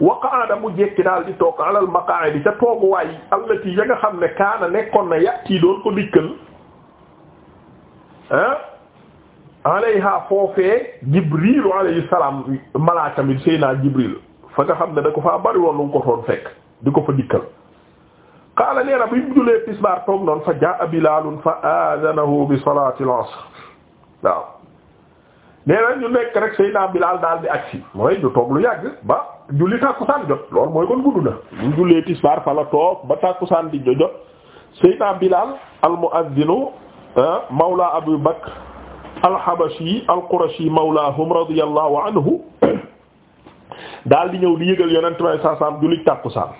waqaada mu jekki daal di toog alal maqaa'idi ca tooguwaay allati ya nga xam ne kaana nekkoon na yàtti doon ko dikkal ah alayha foofee jibrilu alayhi salaam malaakamit seyna jibril fa nga xam ne da ko faa bari woon lu mu ko doon fekk di ko fa dikkal qaala nee na bi mu julee tisbaar toog noonu fa jaa bilaalun fa aadanahu bi salaati al waaw nee na ñu nekk rek seyna bilaal daal di agsi mooy du toog lu yàgg julli tàkkusaan jot loolu mooy kon gudd na bu tisbaar fa toog ba tàkkusaan di jot Seydina Bilaal al ah, mawla Abu Bakr al habashi al qurashi anhu daal di ñëw di yëgal yonent may saa saam julli tàkkusaan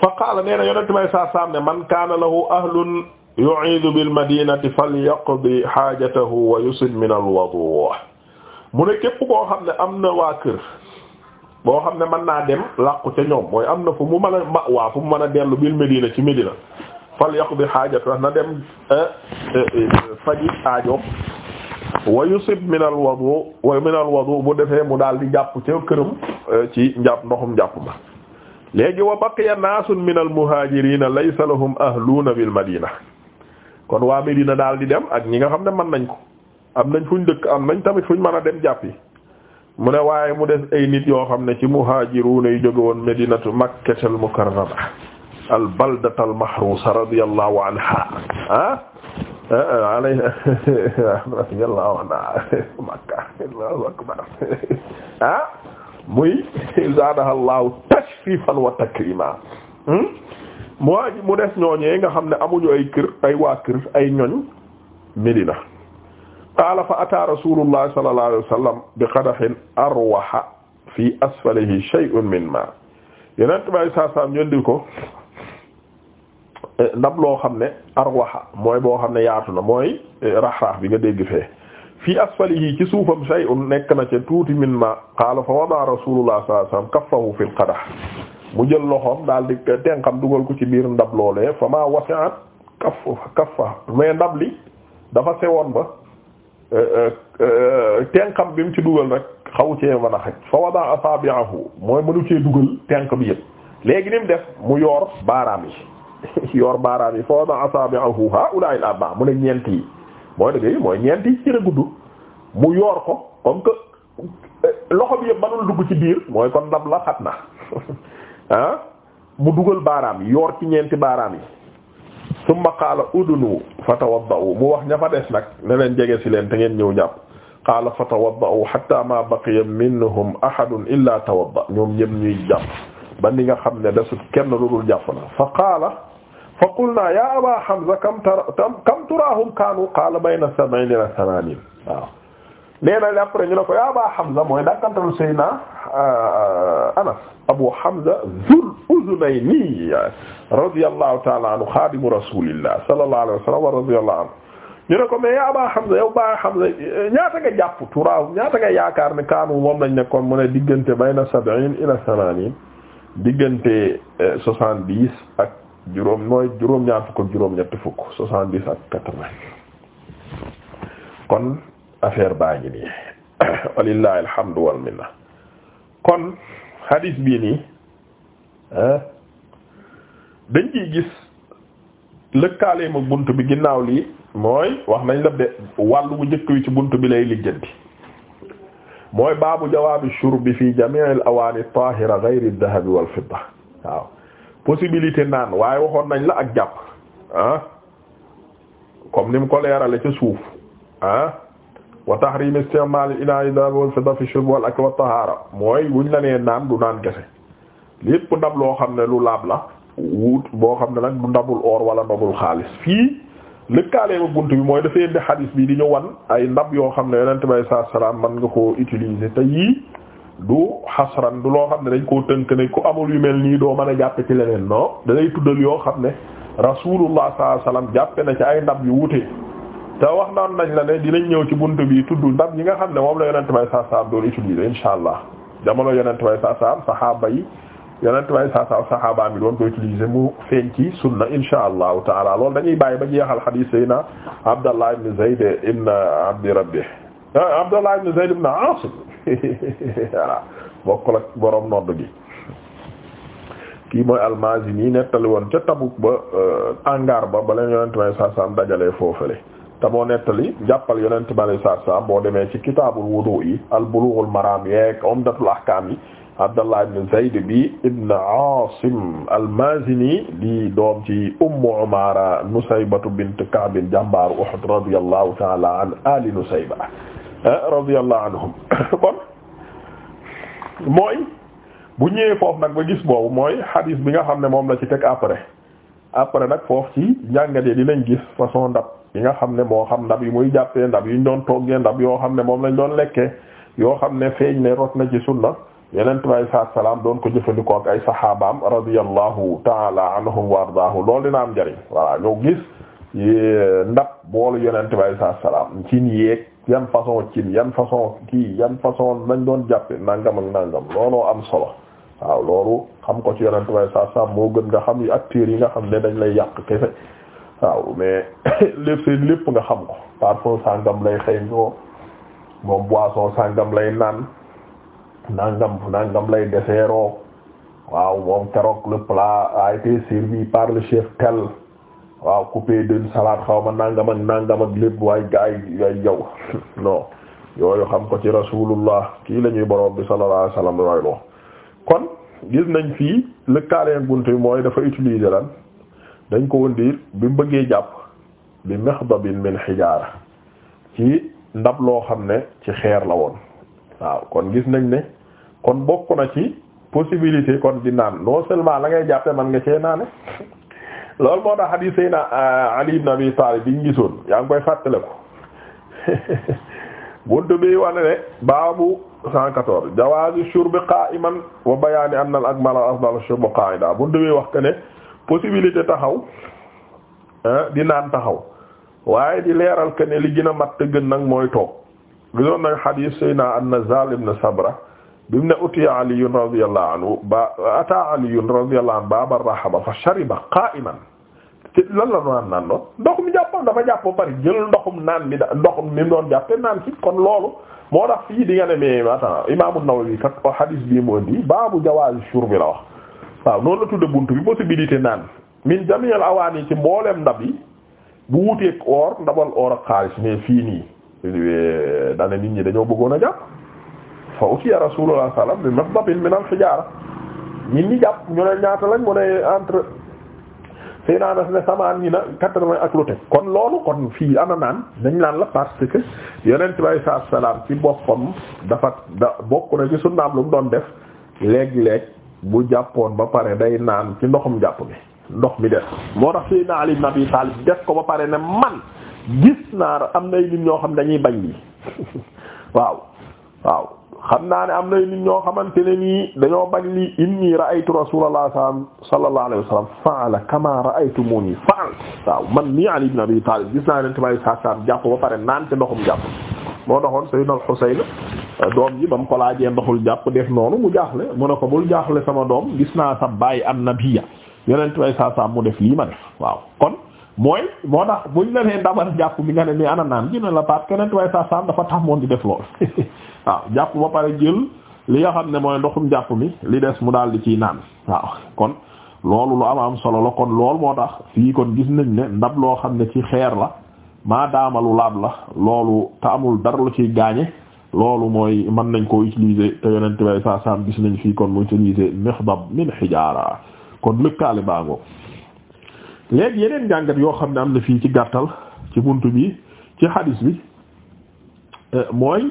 fa qaala nee na yonent may saa ne man kaana lahu ahlun yu'iidu bil madinati falyaqdi haajatahu wa yusil min al mu ne képp koo xam ne am na waa boo xam ne mën naa dem làqu ca ñoom mooy am na fu mu mën ma waa fu mu mën a dellu bil Medina ci Medina bi yaqdi xaajatu na dem eh, eh, eh, faji aajo wa yusib min al wudu wa min al wudu bu defee mu daal di jàpp ca këram ci njàpp ndoxum njàpp ma léegi wa baqiya naasun min al muhaajiriina laysa lahum ahluuna bil Madina kon waa Medina daal di dem ak ñi nga xam ne mën nañ ko am nañ fuñ dëkk am nañ tamit fuñ mën a dem jàppi mu ne waaye mu des ay nit yoo xam ne ci muhaajiruuna yu jóge woon medinatu makkatal mukarrama al baldatal mahrusa radiyallahu anha ah, ah alay radiyallahu anha makka allahu akbar ah muy zaadahallahu tashrifan wa takrima hmm? mu des ñooñee nga xam ne amuñu ay kër ay waa kër ay ñoñ medina qaala fa ataa rasulullah sallallahu alayhi wa sallam bi qadahin arwaha ko eh, ndab loo xam ne arwaha mooy boo xam ne yaatu na mooy eh, rax bi nga dégg fee fii asfalihi ci suufam shay'un nekk na ca tuuti min ma qaala fa wada rasulullah sallallahu alayhi wa sallam kaffahu qadah mu jël loxoom daal di tenxam dugal ko ci biir ndab loolee fa ma wasi'at kaff kaffa mais ndab li dafa sewoon ba tenqam bi mu ci dugal rek xaw cee mën a xaj fa wada asabi'ahu mooy mënu cee dugal tenq bi yëpp léegi ni mu def mu yoor baaraam yi yoor baaraam yi fa wada asabi'ahu ha'ula'i al-arba'a mu ne ñeent yi mooy dëgg mooy ñeent yi ci la gudd mu yoor ko comme que eh, loxo bi yëpp mënul dugg ci biir mooy kon ndab la xat na ah mu dugal baaraam yi yoor ci ñeenti baaraam yi summa qaala udunu fatawadda'u mu wax ña fa des nag ne leen jege si leen te ngeen ñëw jàpp qaala fatawadda'u hatta ma baqiya minhum ahadun illa tawadda ñoom ñëpp ñuy jàpp ba ni nga xam ne desul kenn lu dul jàpp na fa qaala fa qulna ya aba hamza kam tara kam turaahum kaanu qaala bayna sab'iina wa thamaaniin waaw nee na après ñu ne ko yaa Aba Hamza mooy dàkkantalu Seydina euh, Anas Abu Hamza Zul Uznayni radiyallahu ta'ala anhu xaadimu rasulillah sallallahu alayhi wa sallam wa radiyallahu anhu ñu ne ko mais yaa Aba Hamza yow Ba Hamza ñaata nga jàpp turaaw ñaata nga yaakaar ne kaanu moom lañ nekkoon mu ne diggante bayna sab'in ila samanin diggante euh, soixante-dix ak juróom mooy juróom-ñaar fukk ak juróom-ñetti fukk soixante-dix ak quatre kon affaire baa ngi nii walillahi alhamdu wal minna kon hadith bii nii ah, dañ ciy gis lëkkaaleem ak bunt bi ginnaaw lii mooy wax nañ la de wàllu bu njëkk wi ci bunt bi lay lijjanti mooy baabu jawaabi shurbi fi jamii al awaani tahira ghayri dahabi wal fidda waaw possibilité naan waaye waxoon nañ la ak jàpp ah comme ni mu ko leerale ca suuf ah. wa tahrim istimal al-ina'i dhahab wal fidda fi shurb wal akl wa mooy buñ la nee naan du naan kese lépp ndab loo xam ne lu laab la wut boo xam ne nag du ndabul or wala ndabul xaalis fii lëkkaalee ba bunt bi mooy dafay indi xadis bi di ñu wan ay ndab yoo xam ne yonent bi saa salaam man nga koo utiliser te yii du xasran du loo xam ne dañ koo tënk ne ku amul yu mel nii doo mën a jàppe ci leneen non da lay tuddal yoo xam ne rasulullah saa salaam ci ay ndab yu wute te wax naan nañ la ne dinañ ñëw ci bunt bi tudd ndab yi nga xam ne moom la yonent bay saa saam doon utiliser insha allah jamono yonent bay saa saam saxaaba yi yonent bay saa saam saxaaba mi doon ko utiliser mu feeñ ci sunna insha allahu taala loolu dañuy bàyyi ba jeexal xadiis yi na Abdallah ibn Zayd ibn Abdi Rabbi ah, Abdallah ibn Zayd ibn Asim voilà bokkul ak borom nodd gi kii mooy Al-Mazini nettali woon ca Tabuk ba euh, angar ba ba leen yonent bay saa te moo nettali jàppal yonent bi alay saatu salam boo demee ci kitaabul wudu yi al bulughul maram yeeg umdatul ahkam yi abdallah ibn bi ibn asim al-mazini di doom ci ummu umara nusaybatu bint kaabin jàmbaaru uhud radiyallahu taala an ali eh, mooy bu ñëwee foofu nag ba gis boobu mooy hadith bi nga xam ne moom la ci teg après après nag foofu ci njàngatee dinañ gis façon ndab yi nga xam ne moo xam ndab yi muy jàppee ndab yi ñu doon toggee ndab yoo xam ne moom lañ doon lekkee yoo xam ne feeñ ne rot na ci sunna yeneen tubaab yi saa salaam doon ko jëfandikoo ak ay saxaabaam radiyallahu taala anhum wa ardaahu loolu dina am jariñ voilà ñoo gis ndab boolu yeneen tubaab yi saa salaam cin yeeg yan façon cin yan façon kii yan façon lañ doon jàppe nangam ak nangam looloo am solo waaw loolu xam ko ci yeneen tubaab yi saa moo gën nga xam yi acteurs yi nga xam ne dañ lay yàq kese. waaw mais lépp seen lépp nga xam ko parfois sàngam lay xëy ñoo moom boisson sàngam lay naan nangam nangam lay deseeroo waaw moom keroog le plat a été servi par le chef tel waaw coupé d'une salade xaw ma nangam ak nangam ak lépp waaye gaay yow yooyu xam ko ci rasulullah kii la ñuy borom bi sallallahu alayhi wasallam roy loo kon gis nañ fii lëkkaaleen gunt bi mooy dafa utiliser lan dañ ko wëndiir bi mu bëggee jàpp bi mexdabin min xijaara ci ndab loo xam ne ci xeer la woon waaw kon gis nañ ne kon bokk na ci possibilité kon di naan non seulement la ngay jàppe man nga cee naane loolu moo tax hadith sayna euh, Ali ibn Abi Talib biñ gisoon yaa ngi koy fàttale ko buntu bi wane ne baabu 114 jawaazu shurbi qa'iman wa bayaani anna al akmala afdalu shurbu qa'idan buntu bi wax que ne possibilité taxaw di naan taxaw waaye di leeral que ne li gën a mat gën nag mooy toog gisoon nag hadith sayna an-Nazzal ibn Sabra bi mu ne utiya aliyun radiyallahu anhu ba ata aliyun radiyallahu anhu baba fa shariba qa'iman ci lan la doon naan noonu ndox mi jàppoon dafa jàpp ba pare ndoxum naan mi da ndox mi doon jàpp naan ci loolu moo tax fii di nga ne mais attends Imam kat hadith bii mu indi baabu jawaazi shurbi la wax waaw noonu la tudde bunt bi possibilité naan min jamil awaan yi ci mbooleem ndab yi bu wuteeg or ndabal or ak xaalis mais fii nii eh, dana nit ñi dañoo bëggoon a jàpp fa utiya rasulullah sallam bi mabdabin min al hijaara ñi ñi jàpp ñu ñaata lañ mu ne entre sëy samaan ñi na quatre-vingts ak lu teg kon loolu kon fii ana naan dañ naan la parce que yonent bi alayhi salaam ci boppam dafa da bokk na ci sunnaam lu mu doon def léeg-léeg bu jàppoon ba pare day naan ci ndoxum jàpp bi ndox mi des moo tax Seydina Ali ibn Abi Talib def ko ba pare ne man gis naa am nay nit ñoo xam dañuy bañ lii waaw waaw xam naa ne am nay nit ñoo xamante ne nii dañoo bañ lii inni ra'aytu rasulullah sallallahu alayhi wasallam fa'ala kama ra'aytumuni fa'al waaw man nii Ali ibn Abi Talib gis naa ne tamay saa saa jàpp ba pare naan ci ndoxum jàpp moo taxoon Seydina al-Husayn doom ji ba mu ko laajee ndoxul jàpp def noonu mu jaaxle mu ne ko bul jaaxle sama doom gis naa sa baay annabiya yeneen way saa saa mu def lii ma def waaw kon mooy moo tax buñ la nee ndamal bi nga ne mi ana naan ji ne la paat keneen way saa saa dafa tàmmoon di def lool waaw jàpp ba pare jël li xam ne mooy ndoxum jàpp mi li des mu daal di ciy naan waaw kon loolu lu am am solo la kon loolu moo tax fii kon gis nañ ne ndab loo xam ne ci xeer la maa daamalu laab la loolu te amul dara lu ciy gaañe loolu mooy mën nañ ko utiliser te yonent bay saa saam gis nañ fii kon mu utiliser mixdab min xijaara kon lëkkaale baango léegi yeneen jàngat yoo xam ne am na fii ci gàttal ci bunt bi ci hadis bi eh, mooy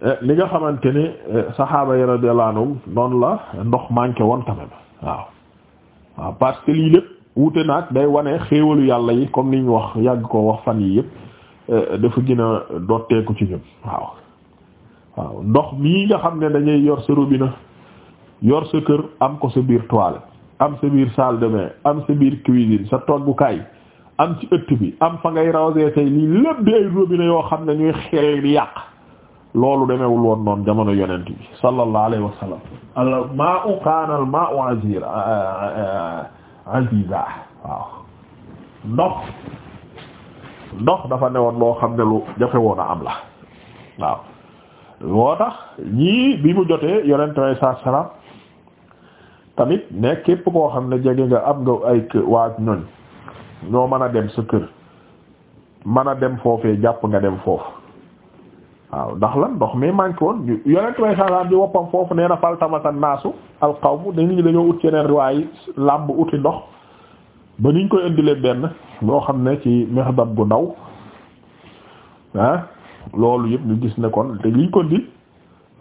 eh, li nga xamante ni eh, saxaaba yi radiyallahu anhum noonu la ndox manqué woon tamit waaw waaw parce que lii lépp wuute naag day wane xéewalu yàlla yi comme niñ wax yàgg koo wax fan yi yëpp dafa gën a dotteeku ci ñun waaw waaw ndox mii nga xam ne dañuy yor sa robinet yor sa kër am ko sa biir toilette am sa biir salle de bain am sa biir cuisine sa toggukaay am ci ëtt bi am fa ngay rawsee tey lii lépp di ay robinet yoo xam ne ñuy xel yàq loolu demewul woon noonu jamono yonent bi sallallahu alayhi wa sallam al ma'u kana al ma'u waaw ndox ndox dafa woon loo xam ne lu jafe woon a am la waaw moo tax ñii bi mu jotee yonent way saa salaam tamit ne képp koo xam ne jege nga am nga ay waa ñoñ ñoo mën a dem sa kër mën a dem foofee jàpp nga dem foofu waaw ndax la ndox mi manqué woon yonent way salaam bi woppam foofu nee na faltamasa naasu alqawmu dañu dañoo ut yeneen riwaay làmb uti ndox ba niñ koy indilee benn boo xam ne ci mexdab gu ndaw ah, loolu yëpp ñu gis ne kon te liñ ko di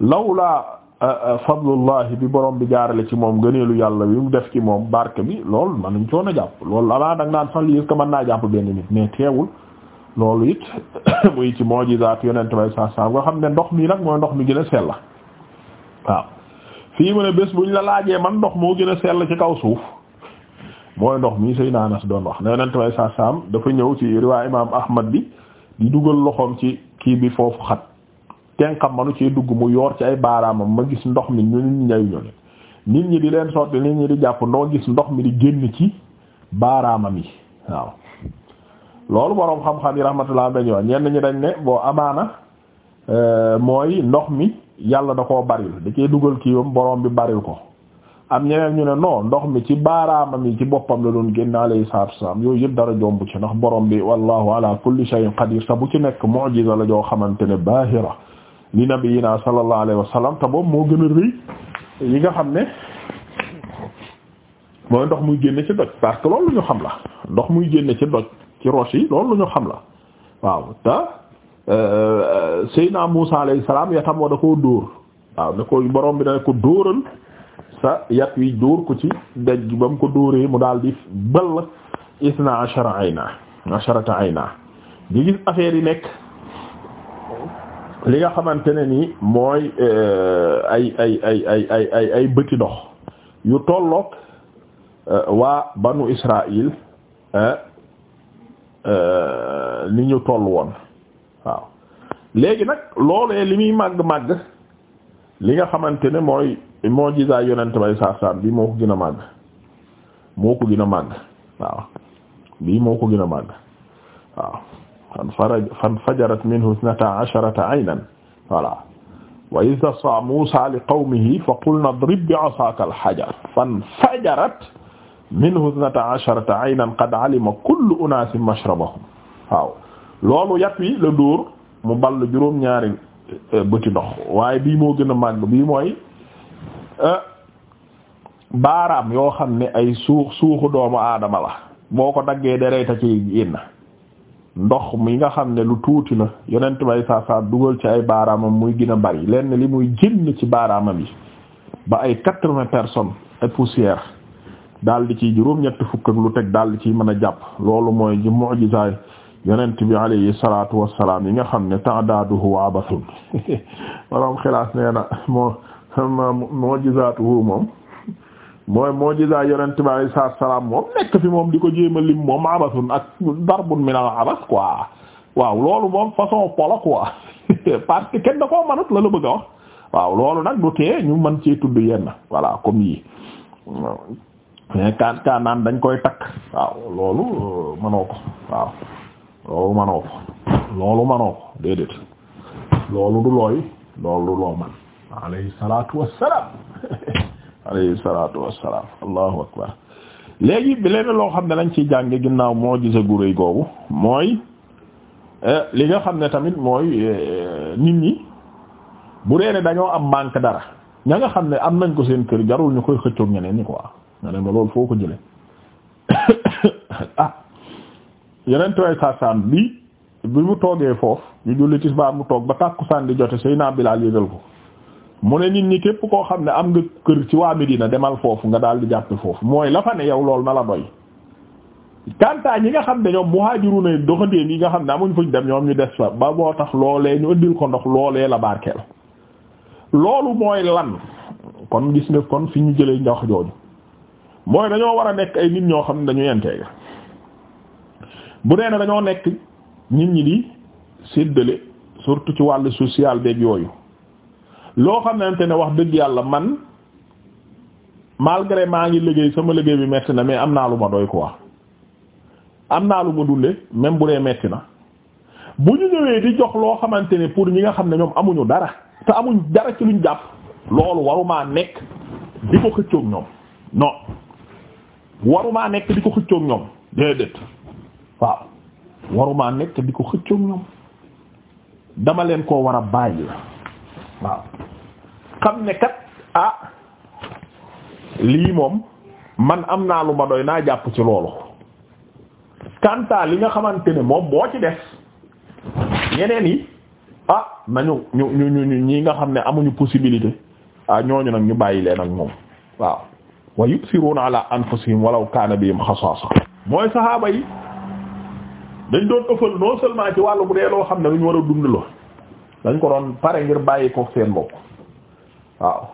lawla euh, euh, fadlullahi bi borom bi jaarale ci moom gëneelu yàlla bi mu def ci moom barke bi loolu manuñ coon a jàpp loolu avant da nga naan sax lii est-ce naa jàpp benn nit mais teewul loolu it muy ci mujizaat yonent bay saa saa nga xam ne ndox mii nag mooy ndox mi gën a sell waaw fii mu ne bés buñ la laajee man ndox moo gën a sell ci kaw suuf mooy ndox mi Seydina Anas doon wax ne yonent bay saa saam dafa ñëw ci riwaay imaam bi di kii bi foofu xat xam manu cee dugg mu yoor ci ay baaraamam ma gis ndox mi ñu nit ñay nit ñi di leen sotti nit ñi di jàpp ndoo gis ndox mi di génn ci baaraamam yi waaw loolu boroom xam-xam yi rahmatullah dañu wax ñenn ñi dañ ne boo amaana euh, mooy ndox mi yàlla da koo baril da cee dugal kii boroom bi baril ko am ñeneen ñu ne non ndox mi ci baaraamam yi ci boppam la doon génn alayhi salaatu salaam yooyu yëpp dara jomb ci ndax borom bi wallahu ala kulli shay'in qadir sa bu ci nekk mu'jiza la joo xamante ne baahira li nabiyina sallallahu alayhi wa sallam te boobu moo gën a yi nga xam ne mooy ndox muy génne ci doj parce que loolu xam la ndox muy génne ci doj ci roche xam la waaw te euh, Seydina Muusa salaam yatam wa da koo dóor waaw ne ko borom bi da ko dóoral sa yat wi dóor ko ci daj ba mu ko dóoree mu daal di ball isna ashara ayna asharata gis affaire yi nekk li nga xamante ne ni mooy eh, ay ay ay ay ay bëti ndox yu tollook eh, waa banu Israël eh, ni ñu toll woon waaw léegi nag loolee li muy màgg-màgg li nga xamante ne mooy moo gisaay yonent bay saasaan bii moo ko gën a màgg moo ko gën a màgg waaw bii moo ko gën a màgg waaw fan faraj fan fajarat minhu isnata asharata aynan voilà wa istasqa Musa li qawmihi fa qulna idrib bi'asaka al-hajar fan fajarat minhu isnata asharata aynan qad alima kullu unaasin mashrabahum waaw loolu yat wi la dóor mu ball juróom-ñaari eh, bëti ndox waaye bii moo gën a màgg bii mooy Euh, baaraam yoo xam ne ay suux suuxu doomu aadama la boo ko daggee deret a ci génn ndox mi nga xam ne lu tuuti la yonent bay saa dugal ci ay baaraamam muy gën a bari lenn li muy génn ci baaraamam yi ba ay quatre-vingts personnes et poussière daal di ci juróom-ñett daal di ciy mën a jàpp loolu mooy ji mu'jizaay yonent bi alayhi salaatu wassalaam yi nga xam ne ta'daduhu abathun borom xilaas nee moo ma mu'jizaatuhu moom mooy mu'jiza yonent bi alayhi salaatu wa salaam moom nekk fi moom di ko jéem a lim moom abasun ak darbun min al-abas quoi waaw loolu moom façon polo quoi parce que kenn da koo mënut la la bëgg a wax waaw loolu nag du tee ñu mën cee tudd yenn voilà comme yii mais kaan kaan naan dañ koy takk waaw loolu euh, mënoo ko waaw loolu mënoo ko loolu mënoo ko déedéet loolu du looy loolu du loo man alayhi salaatu wassalaam alayhi salaatu wassalaam allahu akbar léegi leneen loo xam ne lañ ciy jànge ginnaaw moo gisa guréy googu mooy eh, li nga xam ne tamit mooy eh, nit ñi bu dee dañoo am manque dara ña nga xam ne am nañ ko seen kër jarul ñu koy xëccoog ñeneen ñi quoi nga ne ma loolu foo ko jëlee ah yeneen tooy saasaan bi bi mu toogee foofu ñu julli tisbaar mu toog ba tàkkusaan di jote Seydina Bilaal yëgal ko mu ne nit ñi képp koo xam ne am nga kër ci waa Medina demal foofu nga daal di jàppe foofu mooy la fa ne yow loolu na la doy kanta ñi nga xam ne ñoom muhajiruna doxandéem yi nga xam ne amuñ fuñ dem ñoom ñu des fa ba boo tax loolee ñu ëndil ko ndox loolee la barkeel loolu mooy lan kon gis nga kon fi ñu jëlee ndox jooju mooy dañoo war a nekk ay nit ñoo xam ne dañu yentee bu nee na dañoo nekk nit ñi di séddale surtout ci wàll social beeg yooyu loo xamante ne wax dëgg yàlla man malgré maa ngi liggéey sama liggéey bi metti na mais am naa lu ma doy quoi am naa lu ma dunde même bu dee metti na bu ñu ñëwee di jox loo xamante ne pour ñi nga xam ne ñoom amuñu dara te amuñ dara ci luñ jàpp loolu warumaa nekk di ko xëccoog ñoom non warumaa nekk di ko xëccoog ñoom déedéet di ko dama leen koo war a bàyyi waaw xam ne kat ah lii moom man am naa lu ma doy naa jàpp ci loolu kanta li nga xamante ne moom boo ci des yeneen yi ah nañu ñu ñu ñu ñi nga xam ne amuñu possibilité ah ñooñu nag ñu bàyyi leen ak moom waaw wa yusiruna ala anfusihim walaw kana bihim xasaasa mooy saxaaba yi dañ doon ëffal non seulement ci wàllu bu dee loo xam ne lu ñu war a dund la dañ ko doon pare ngir bàyyi ko seen bopp waaw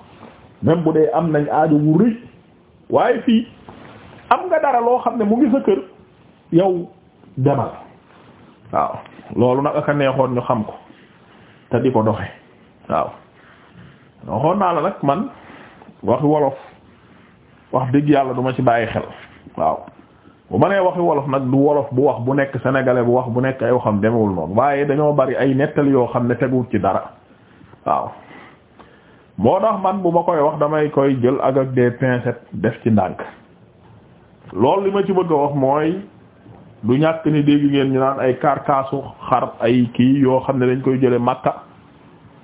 même bu dee am nañ aajo wu rëy waaye fii am nga dara loo xam ne mu ngi sa kër yow demal waaw loolu nag aka neexoon ñu xam ko te di ko doxe waaw waxoon naa la nag man waxi wolof wax dëgg yàlla duma ci bàyyi xel waaw bu ma nee waxi wolof nag du wolof bu wax bu nekk sénégalais bu wax bu nekk ay waxam demewul noonu waaye dañoo bari ay nettali yoo xam ne teguwul ci dara waaw moo tax man bu ma koy wax damay koy jël ak ak des def ci ndànk loolu li ma ci bëgg a wax mooy du ñàkk ni dégg ngeen ñu naan ay karkaasu xar ay kii yoo xam ne dañ koy jële Makka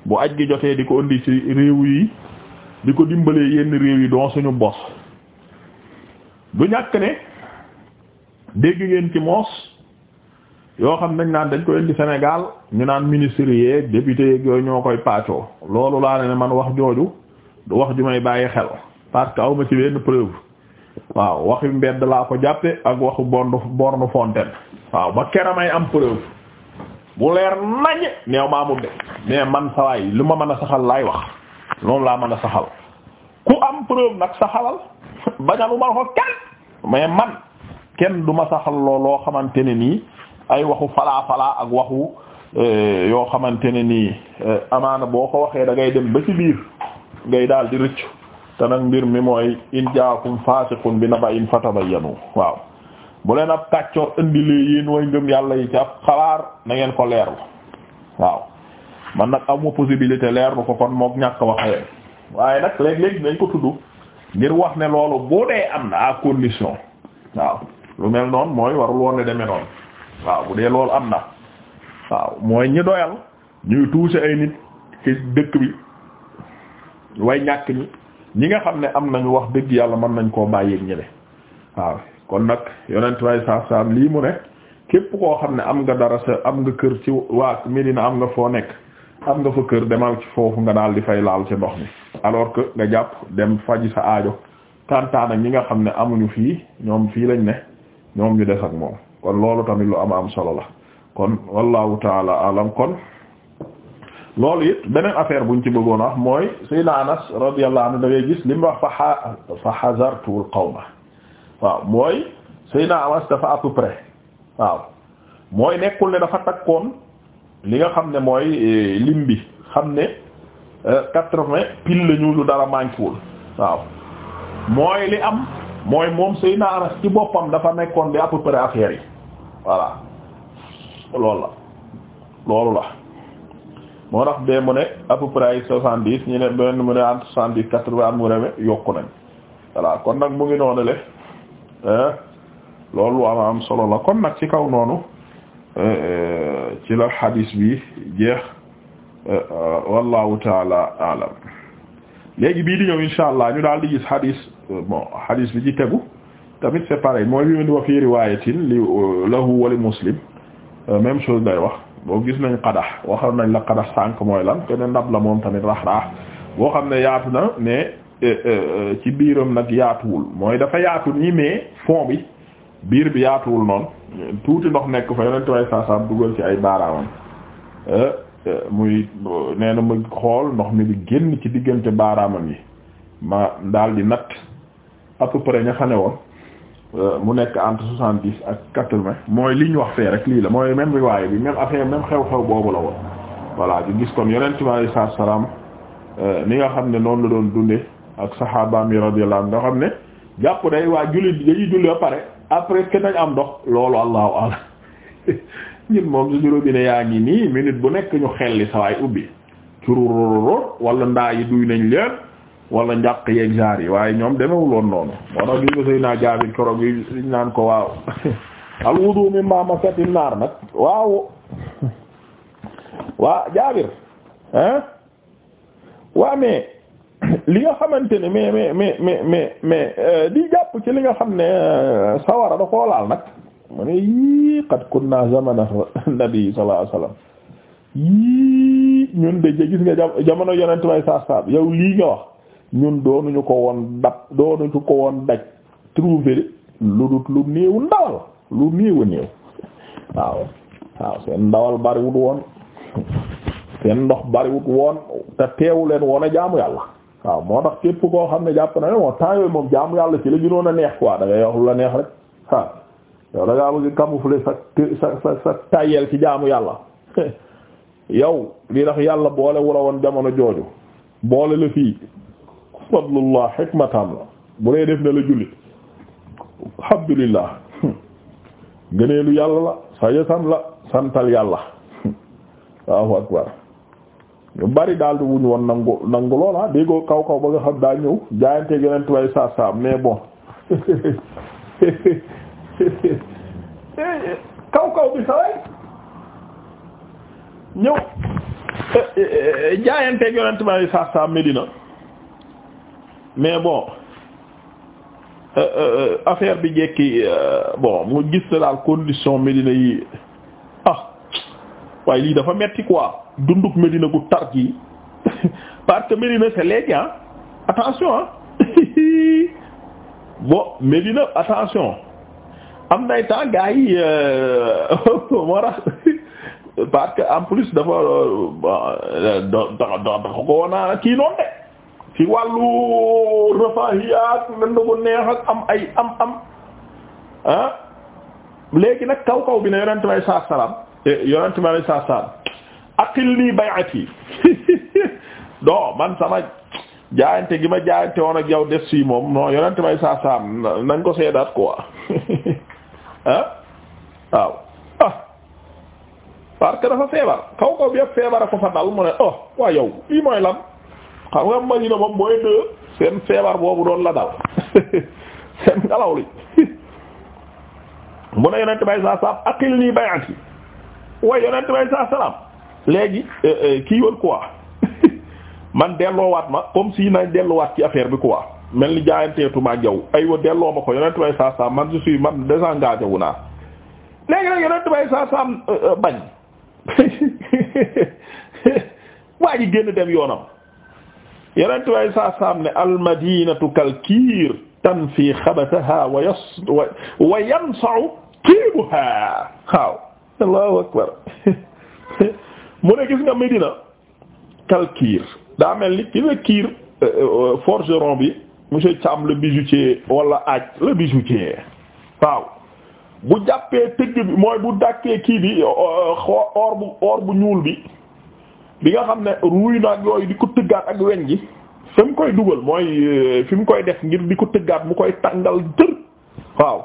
bu aj gi jotee di ko indi ci réew yi di ko dimbalee yenn réew yi doon suñu bos du ñàkk ne dégg ngeen ci moos yoo xam ne dañ naan dañ koy indi Sénégal ñu naan ministre yeeg député yooyu ñoo koy paccoo loolu laa ne ne man wax jooju du wax ju may bàyyi xel parce que awma ci benn preuve waaw waxi mbedd laa ko jàppe ak waxu borne borne fontaine waaw ba keramay am preuve bu leer nañ neew ma amul de man sawaay lu ma mën a saxal laay wax loolu laa mën a saxal ku am preuve nag saxalal baña lu ma ko kenn mais man kenn du ma saxal loo loo xamante ne nii ay waxu falaa falaa ak waxu eh, yoo xamante ne nii eh, amaana boo ko waxee da ngay dem ba ci biir ngay daal di rëccu te nag mbir mi mooy in jaakum faasiqun bi naba in fatabayyanu waaw bu leen ab kàccoor indilee yéen way ngëm yàlla yi ci ab xabaar na ngeen ko leerlu waaw man nag amu possibilité bu ko kon mook ñàkk waxee waaye nag léeg-léeg dañ ko tudd ngir wax ne loolu boo dee am na à condition waaw lu mel noonu mooy warul woon ne noonu waaw bu dee loolu am na waaw mooy ñi doyal ñuy toucher ay nit ci dëkk bi way ñàkk ñi ñi nga xam ne am nañu wax dëgg yàlla man nañ koo bàyyeeg ñële waaw kon nag yonent way saaf saaf lii mu ne képp koo xam ne am nga dara sa am nga kër ci waa Medina am nga foo nekk am nga fa kër demal ci foofu nga daal di fay laal ci ndox mi alors que nga jàpp dem faji sa aajo tantaan ñi nga xam ne amuñu fii ñoom fii lañ ne ñoom ñu def ak moom kon loolu tamit lu am am solo la kon wallahu taala alam kon loolu it beneen affaire buñ ci bëggoon wax mooy Seydina Anas radiyallahu anhu da ngay gis li mu wax fa fa hazartul qawma waaw mooy Seydina Anas dafa à peu waaw mooy nekkul ne dafa takkoon li nga xam ne mooy e, lim bi xam ne e, quatre-vingts pile la lu dara manqué waaw mooy li am. mooy moom Seydina Anas ci boppam dafa nekkoon di à peu près affaire yi voilà loolu la loolu la moo tax bee mu ne à peu près ay soixante-dix ñu ne benn mu ne entre soixante-dix quatre-vingts mu ne yokku nañ voilà kon nag mu ngi noonu le loolu am am solo la kon nag ci kaw noonu euh, ci la hadis bi jeex euh, euh, wallahu taala alam léegi bii di ñëw insha allah ñu daal di gis hadis bon hadis bi ci tegu tamit c'est mooy bi mu di wa li lahu wali euh, même chose lay wax boo gis nañ qadax waxoon nañ la qadax sànq mooy lan te ne moom tamit rax boo xam ne yaatu na ne euh, euh, ci biiram nag yaatuwul mooy dafa yaatu nii mais fond bi biir bi yaatuwul noonu tuuti ndox nekk fa yonent saa saasaam dugal ci ay baaraamam muy nee na ma xool ndox mi di génn ci diggante baaraamam yi ma daal di natt à peu près ña woon euh, mu nekk entre soixante dix ak quatre vingt mooy li ñu wax fee rek lii la mooy même riwaay bi même affaire même xew-xew boobu la woon voilà ñu gis kon yonent bi alayhi salaatu salaam euh, ni nga xam ne noonu la doon dundee ak saxaabaam yi radiyallahu nga xam ne jàpp day waa julli dañuy ba pare après que nañ am ndox loolu allahu alam ñun moom suñu robinet yaa ngi nii minute bu nekk ñu xelli sawaay ubbi curururur wala ndaa yi duy nañ leen wala njàq yeeg genre yi waaye ñoom demewul woon noonu moo tax gis naa Jaabir keroog yi ñu naan ko waaw al wudu mimma masati naar nag waaw waa Jaabir hein waa mais li nga xamante ne mais mais mais mais mais euh, di jàpp ci li nga xam ne euh, sawara da koo laal nag mu ne yii qad kunna zamana nabi sallallahu alayhi wasallam de jamono yonent yow lii nga wax ñun doonuñu ko woon dab doonuñu ko woon daj trouver lu dut lu néew ndawal lu néew a néew waaw waaw seen ndawal bariwut woon seen ndox bariwut woon te teewu leen woon a jaamu yàlla waaw moo tax képp koo xam ne jàpp na ne moom temps moom jaamu yàlla ci la gënoon a neex quoi wax lu la neex rek ah yow da bëgg camoufler sa sa sa sa ci jaamu yàlla yow li tax yàlla boole wula woon jamono jooju boole la fii fadlullah hikmatam la bu dee def na la jullit alhamdulillah gëneelu yàlla la saja san la santal yàlla waaw akbar ñu bari daal wuñ woon nangu nangu loola déggoo kaw kaw ba nga xam daa ñëw jaayante yonent bay saa saa mais bon kaw kaw bi saway ñëw eh, eh, eh, jaayante yonent bay saa saa Medina mais bon euh, euh, euh, affaire bi jekki bon mu gis ne daal condition Médina yi ah waaye lii dafa metti quoi dunduk Médina gu tar gi parce que Médina c'est léegi ah attention ah bon Médina attention am nay temps gars yi moo tax parce que en plus dafa dafa dafa ko woon kii noonu de. ci wàllu rafaahiya ak nandagu neex am ay am am ah léegi nag kaw kaw bi ne yonent bi alayhi salaatu salaam eh, yonent bi alayhi nii bay'ati don man sama jaayante gi ma jaayante woon ak yow des si moom non yonent bi alayhi salaatu salaam nañ ko seedaat quoi ah. waaw ah parce que dafa feebar kaw kaw bi yëpp feebar a ko fa dal mu ne oh waa yow lii mooy lan xam nga Madina moom mooy dë seen feebar boobu doon la dal seen ngelaw li mu ne yonent bay saa saam aqil nii bay'ati waaye yonent bay saa salaam léegi eh, eh, kii woon quoi man delloowaat ma comme si nañ delluwaat ci affaire bi quoi mel ni jaayanteetu ma ay aywa delloo ma ko yonent bay saa saam man je suis man désengagé wu naa léegi nag yonent bay saa saam bañ waa ji génn dem yoonam yenent way saa saam ne almadinatu kalkiir tan fii xabataha wa yas wa yansau kiibuha waaw allahu akbar mu ne gis nga Medina kalkiir daa mel ni ki la kiir euh, euh, forgeron bi monsieur Thiam le bijoutier wala aaj le bijoutier waaw bu jàppee tëgg bi mooy bu dàkkee kii bi euh, or bu or bu ñuul bi bi nga xam ne ruuy na yooyu di ko tëggaat ak weñ gi fi koy dugal mooy euh, fi mu koy def ngir di ko tëggaat mu koy tàngal dër waaw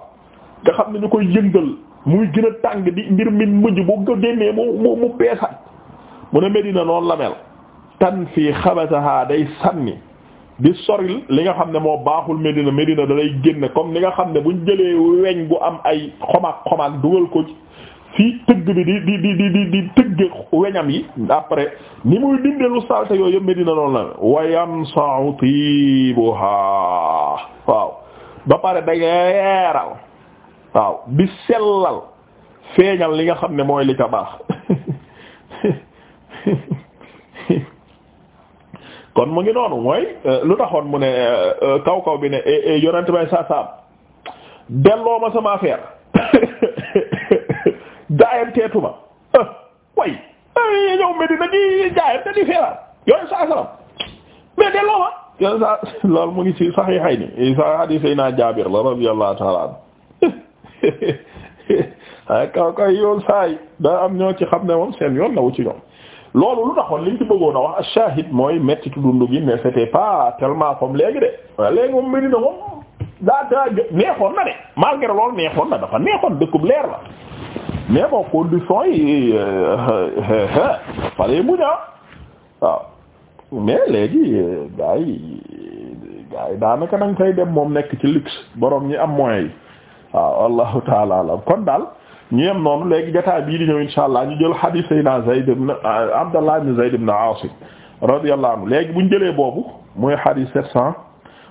nga xam ne ñu koy yëngal muy gën a tàng di mbir min mujj bu ko génnee mu mu mu peesaat mu ne Medina noonu la tan fii xabasaha day sànni di soril li nga xam ne moo baaxul Medina Medina da lay génne comme li nga xam ne buñ jëlee weñ bu am ay xomaak xomaak dugal ko ci fi tëgg bi di di di di di tëgge weñam yi après ni muy dinde lu salte yooyu yëpp Medina loolu la wayam sa'u tiibuha waaw ba pare da yeeral waaw di sellal feeñal li nga xam ne mooy li ka baax kon mu ngi noonu mooy euh, lu taxoon mu ne euh, kaw kaw bi ne eh, eh, yonent bay sa saab delloo ma sama affaire jaayanteetu ma yooyu saa salaam mais delloo ma. yooyu loolu mu ngi ci Sahihayni sa hadith sayna Jaabir la radiyallahu ta'ala ay kaw kay yoon saay daa am ñoo ci xam ne moom seen yoon na wu ci ñoom loolu lu taxoon liñ ci bëggoon a wax ash-shahid mooy metti dundu gi mais c'était pas tellement comme léegi de waaye léegi moom Medina moom daa daa neexoon na de malgré loolu neexoon na dafa neexoon dëkkub leer la. mais bon condition yi euh, euh, euh, fallait muña ah. waaw mais léegi gars yi gars yi daanaka nañ koy dem moom nekk ci luxe borom ñi am moyens yi ah, waaw taala alam kon daal ñu yem noonu léegi jotaay bii di ñëw insha allah ñu jël hadith sayna Zayd ibn Abdallah ibn Zayd ibn Asim radiyallahu anhu léegi buñ jëlee boobu mooy hadith sept cent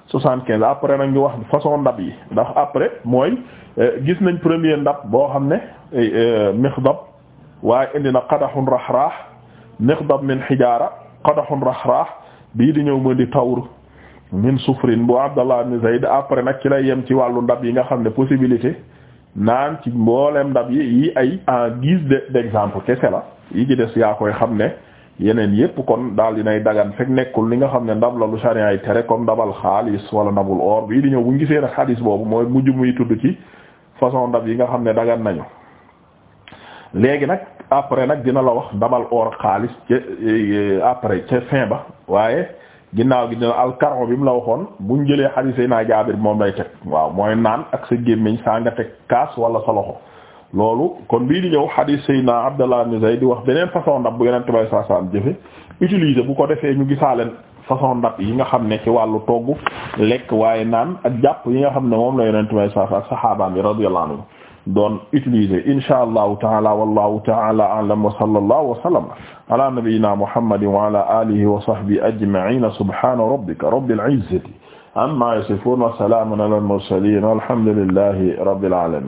75 après nag ñu wax façon ndab yi ndax après mooy euh, gis nañ premier ndab boo xam ne eh, euh, mixdab waaye indi na qadaxun raxraax mixdab min xijaara qadaxun raxraax bii di ñëw mu di tawr min sufrin bu Abdallah ibn Zayd après nak ci lay yem ci wàllu ndab yi nga xam ne possibilité naan ci mboolem ndab yi yi ay en guise d'exemple kese la yi ci des yaa koy xam ne yeneen yépp kon daal dinay dagan fekk nekkul li nga xam ne ndab la lu sharia yi tere comme ndabal xaalis wala ndabul or bii di ñëw bu ñu gisee xadis boobu mooy mujj muy tudd ci façon ndab yi nga xam ne dagan nañu léegi nag après nag dina la wax ndabal or xaalis ca euh, après ca fin ba waaye ginnaaw gi dina alkaron bi mu la waxoon buñ jëlee xadis naa jaabir moom lay teg waaw mooy naan ak sa gémmiñ saa nga teg kaas wala sa loxo loolu kon bii di ñëw hadith Seydina Abdallah ibn Zayd wax beneen façon ndab bu yeneen tubay saa saa jëfe bu ko defee ñu gisaaleen façon ndab yi nga xam ne ci wàllu togg lekk waaye naan ak jàpp yi nga xam ne moom la yeneen tubay saa saa saxaabaam yi radiyallahu anhu doon utiliser insha allahu taala wallahu taala a'lam wa sallallahu wa sallam ala nabiyyina muhammadin wa ala alihi wa sahbihi ajma'ina subhana rabbika rabbil izzati amma yasifun wa salamun ala al mursalin walhamdulillahi rabbil alamin